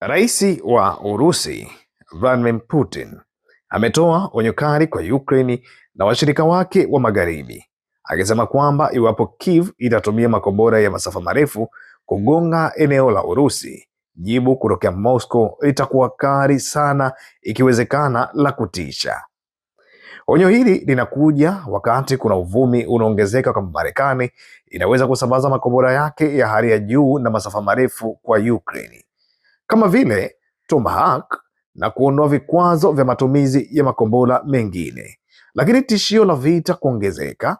Rais wa Urusi Vladimir Putin ametoa onyo kali kwa Ukraine na washirika wake wa magharibi, akisema kwamba iwapo Kiev itatumia makombora ya masafa marefu kugonga eneo la Urusi, jibu kutokea Moscow litakuwa kali sana, ikiwezekana la kutisha. Onyo hili linakuja wakati kuna uvumi unaongezeka kwamba Marekani inaweza kusambaza makombora yake ya hali ya juu na masafa marefu kwa Ukraine kama vile Tomahawk na kuondoa vikwazo vya matumizi ya makombora mengine, lakini tishio la vita kuongezeka.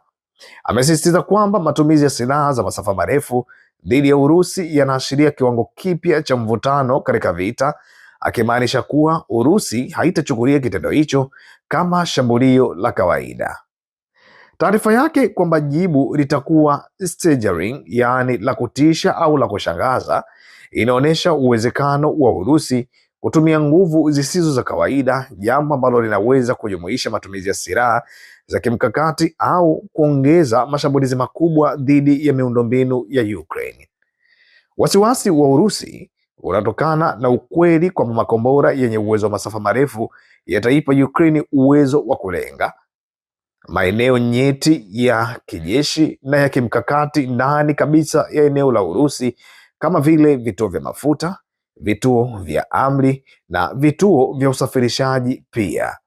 Amesisitiza kwamba matumizi ya silaha za masafa marefu dhidi ya Urusi yanaashiria kiwango kipya cha mvutano katika vita, akimaanisha kuwa Urusi haitachukulia kitendo hicho kama shambulio la kawaida. Taarifa yake kwamba jibu litakuwa staggering, yaani la kutisha au la kushangaza, inaonyesha uwezekano wa Urusi kutumia nguvu zisizo za kawaida, jambo ambalo linaweza kujumuisha matumizi ya silaha za kimkakati au kuongeza mashambulizi makubwa dhidi ya miundombinu ya Ukraine. Wasiwasi wa Urusi unatokana na ukweli kwamba makombora yenye uwezo wa masafa marefu yataipa Ukraine uwezo wa kulenga, maeneo nyeti ya kijeshi na ya kimkakati ndani kabisa ya eneo la Urusi kama vile vituo vya mafuta, vituo vya amri na vituo vya usafirishaji pia.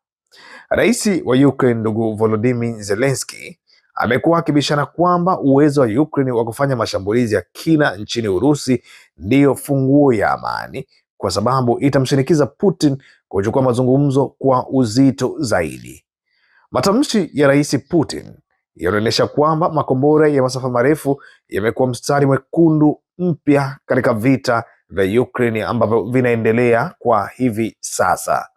Rais wa Ukraine ndugu Volodymyr Zelensky amekuwa akibishana kwamba uwezo wa Ukraine wa kufanya mashambulizi ya kina nchini Urusi ndiyo funguo ya amani, kwa sababu itamshinikiza Putin kuchukua mazungumzo kwa uzito zaidi. Matamshi ya Rais Putin yanaonyesha kwamba makombora ya masafa marefu yamekuwa mstari mwekundu mpya katika vita vya Ukraine ambavyo vinaendelea kwa hivi sasa.